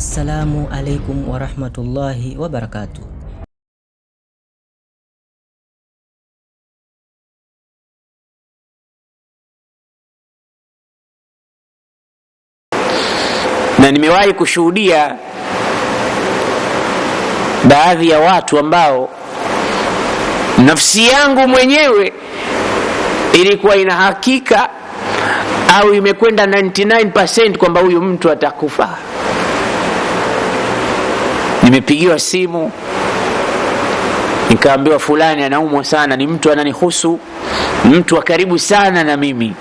Assalamu alaikum warahmatullahi wabarakatuh. Na nimewahi kushuhudia baadhi ya watu ambao nafsi yangu mwenyewe ilikuwa ina hakika au imekwenda 99% kwamba huyu mtu atakufa nimepigiwa simu nikaambiwa fulani anaumwa sana, ni mtu ananihusu, mtu wa karibu sana na mimi.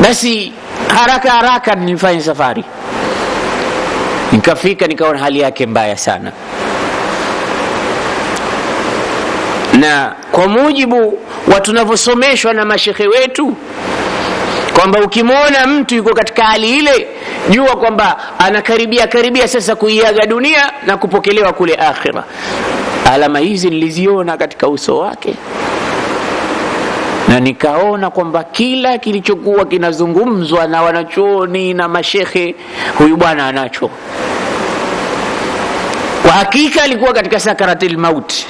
Basi haraka haraka nilifanya safari, nikafika, nikaona hali yake mbaya sana, na kwa mujibu wa tunavyosomeshwa na mashehe wetu kwamba ukimwona mtu yuko katika hali ile, jua kwamba anakaribia karibia sasa kuiaga dunia na kupokelewa kule akhira. Alama hizi niliziona katika uso wake na nikaona kwamba kila kilichokuwa kinazungumzwa na wanachuoni na mashehe, huyu bwana anacho. Kwa hakika alikuwa katika sakaratil mauti.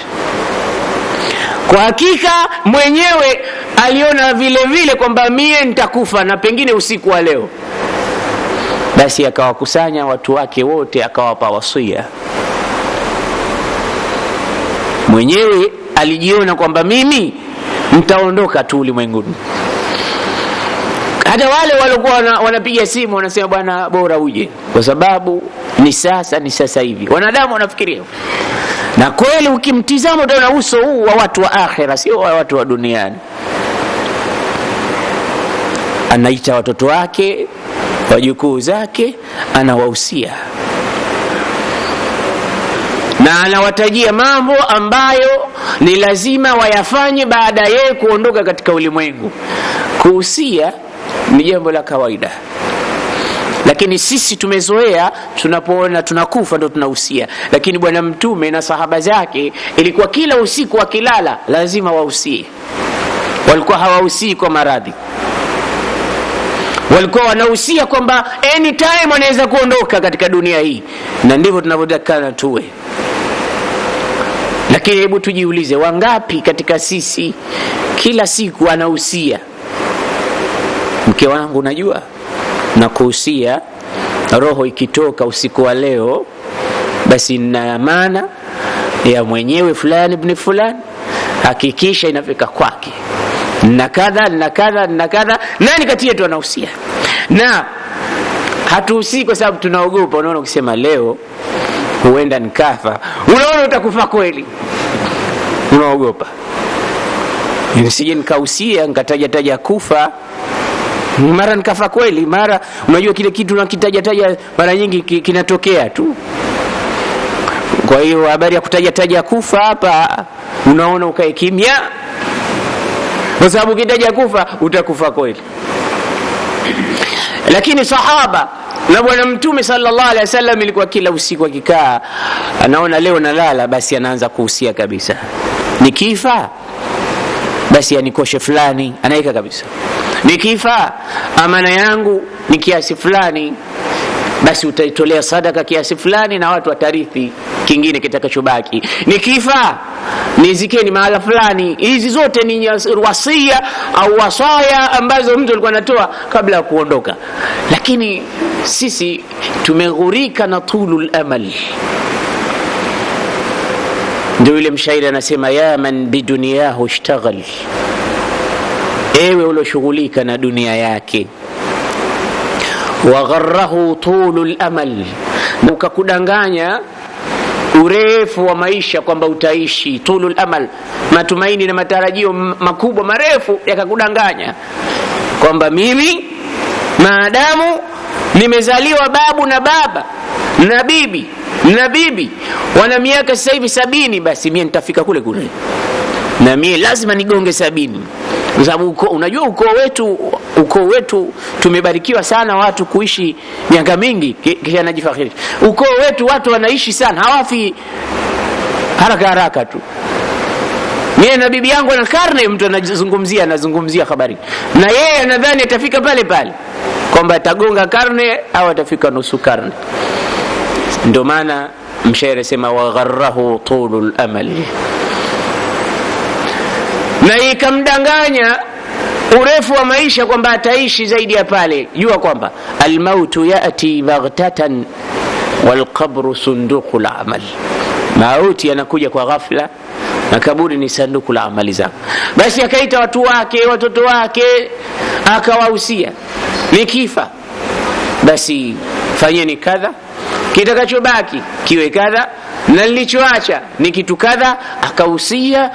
Kwa hakika mwenyewe aliona vile vile kwamba mie nitakufa na pengine usiku wa leo basi akawakusanya watu wake wote akawapa wasia mwenyewe alijiona kwamba mimi nitaondoka tu ulimwenguni hata wale waliokuwa wanapiga simu wanasema bwana bora uje kwa sababu ni sasa ni sasa hivi wanadamu wanafikiria na kweli ukimtizama utaona uso huu wa watu wa akhira sio wa watu wa duniani anaita watoto wake wajukuu zake, anawahusia na anawatajia mambo ambayo ni lazima wayafanye baada ya yeye kuondoka katika ulimwengu. Kuhusia ni jambo la kawaida, lakini sisi tumezoea, tunapoona tunakufa ndo tunahusia. Lakini Bwana Mtume na sahaba zake ilikuwa kila usiku wakilala lazima wahusie, walikuwa hawahusii kwa maradhi walikuwa wanahusia kwamba anytime anaweza kuondoka katika dunia hii, na ndivyo tunavyotakana tuwe. Lakini hebu tujiulize, wangapi katika sisi kila siku anahusia mke wangu, najua na kuhusia roho ikitoka usiku wa leo, basi nina amana ya mwenyewe fulani bni fulani, hakikisha inafika kwake na kadha na kadha na kadha. Nani kati yetu anahusia? Na hatuhusii kwa sababu tunaogopa. Unaona, ukisema leo huenda nikafa, unaona utakufa kweli, unaogopa nisije yaani nikahusia taja kufa mara nikafa kweli. Mara unajua kile kitu nakitajataja mara nyingi kinatokea tu. Kwa hiyo habari ya kutajataja kufa hapa, unaona ukae kimya kwa sababu ukitaja kufa utakufa kweli. Lakini sahaba na Bwana Mtume sallallahu alaihi wasallam ilikuwa kila usiku akikaa anaona leo nalala, basi anaanza kuhusia kabisa, nikifa basi anikoshe fulani, anaweka kabisa, nikifa amana yangu ni kiasi fulani, basi utaitolea sadaka kiasi fulani na watu watarithi kingine kitakachobaki. Nikifa nizikeni mahala fulani. Hizi zote ni wasia au wasaya ambazo mtu alikuwa anatoa kabla ya kuondoka, lakini sisi tumeghurika na tulul amal. Ndio yule mshairi anasema, ya man biduniyahu ishtaghal, ewe ulioshughulika na dunia yake wagharahu tulul amal, na ukakudanganya urefu wa maisha kwamba utaishi, tulul amal, matumaini na matarajio makubwa marefu yakakudanganya kwamba mimi maadamu nimezaliwa babu na baba na bibi na bibi wana miaka sasa hivi sabini, basi mie nitafika kule kule na mie lazima nigonge sabini sababu uko, unajua ukoo wetu ukoo wetu tumebarikiwa sana watu kuishi miaka mingi, kisha najifakhiri ukoo wetu, watu wanaishi sana, hawafi haraka haraka tu. Mie na bibi yangu na karne, mtu anazungumzia anazungumzia habari, na yeye anadhani atafika pale pale kwamba atagonga karne au atafika nusu karne. Ndio maana mshairi sema, wagharrahu tulul amali na ikamdanganya urefu wa maisha kwamba ataishi zaidi ya pale. Jua kwamba almautu yati baghtatan walqabru sunduku lamal, mauti yanakuja kwa ghafla na kaburi ni sanduku la amali zako. Basi akaita watu wake, watoto wake, akawahusia nikifa, basi fanyeni kadha, kitakachobaki kiwe kadha na nilichoacha ni kitu kadha. Akahusia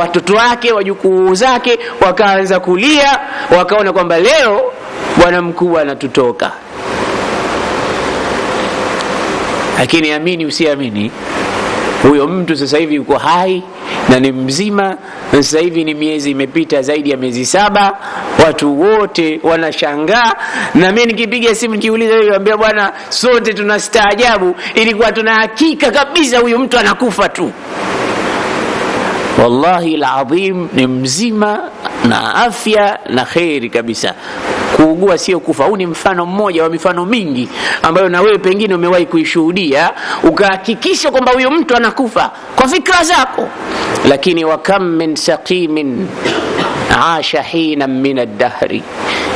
watoto wake wajukuu zake, wakaanza kulia, wakaona kwamba leo bwana mkuu anatutoka. Lakini amini usiamini, huyo mtu sasa hivi yuko hai na ni mzima, na sasa hivi ni miezi imepita zaidi ya miezi saba. Watu wote wanashangaa, na mi nikipiga simu nikiuliza, ambia bwana, sote tunastaajabu, ilikuwa tuna hakika kabisa huyu mtu anakufa tu. Wallahi ladhim ni mzima na afya na kheri kabisa. Kuugua sio kufa. Huu ni mfano mmoja wa mifano mingi ambayo na wewe pengine umewahi kuishuhudia, ukahakikisha kwamba huyo mtu anakufa kwa fikra zako. Lakini wa kam min saqimin asha hina min ad-dahri,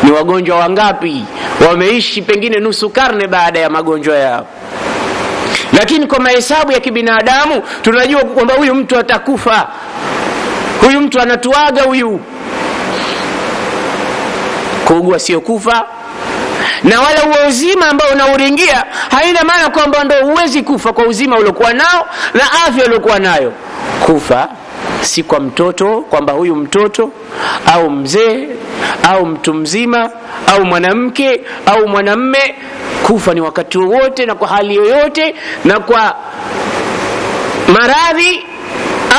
ni wagonjwa wangapi wameishi pengine nusu karne baada ya magonjwa yao lakini kwa mahesabu ya kibinadamu tunajua kwamba huyu mtu atakufa, huyu mtu anatuaga huyu kuugua sio kufa, na wala huo uzima ambao unauringia haina maana kwamba ndo huwezi kufa kwa uzima uliokuwa nao na afya uliokuwa nayo. Kufa si kwa mtoto kwamba huyu mtoto au mzee au mtu mzima au mwanamke au mwanamme. Kufa ni wakati wowote na kwa hali yoyote, na kwa maradhi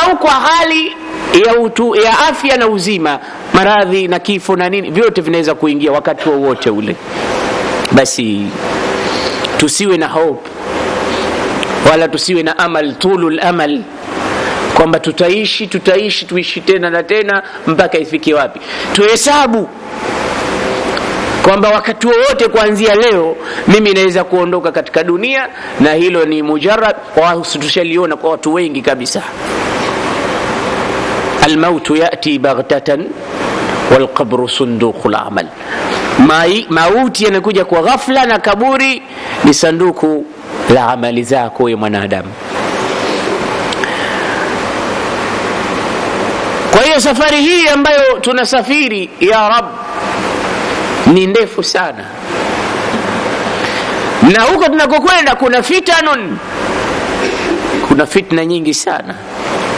au kwa hali ya, utu, ya afya na uzima maradhi na kifo na nini, vyote vinaweza kuingia wakati wowote ule. Basi tusiwe na hope wala tusiwe na amal, tulul amal kwamba tutaishi tutaishi tuishi tena na tena mpaka ifike wapi? Tuhesabu kwamba wakati wowote kuanzia leo mimi naweza kuondoka katika dunia, na hilo ni mujarrad, tushaliona kwa watu wengi kabisa. Almautu yati baghtatan walqabru sunduku lamal mauti yanakuja kwa ghafla na kaburi ni sanduku la amali zako wewe mwanadamu kwa hiyo safari hii ambayo tunasafiri ya rab ni ndefu sana na huko tunakokwenda kuna fitanun kuna fitna nyingi sana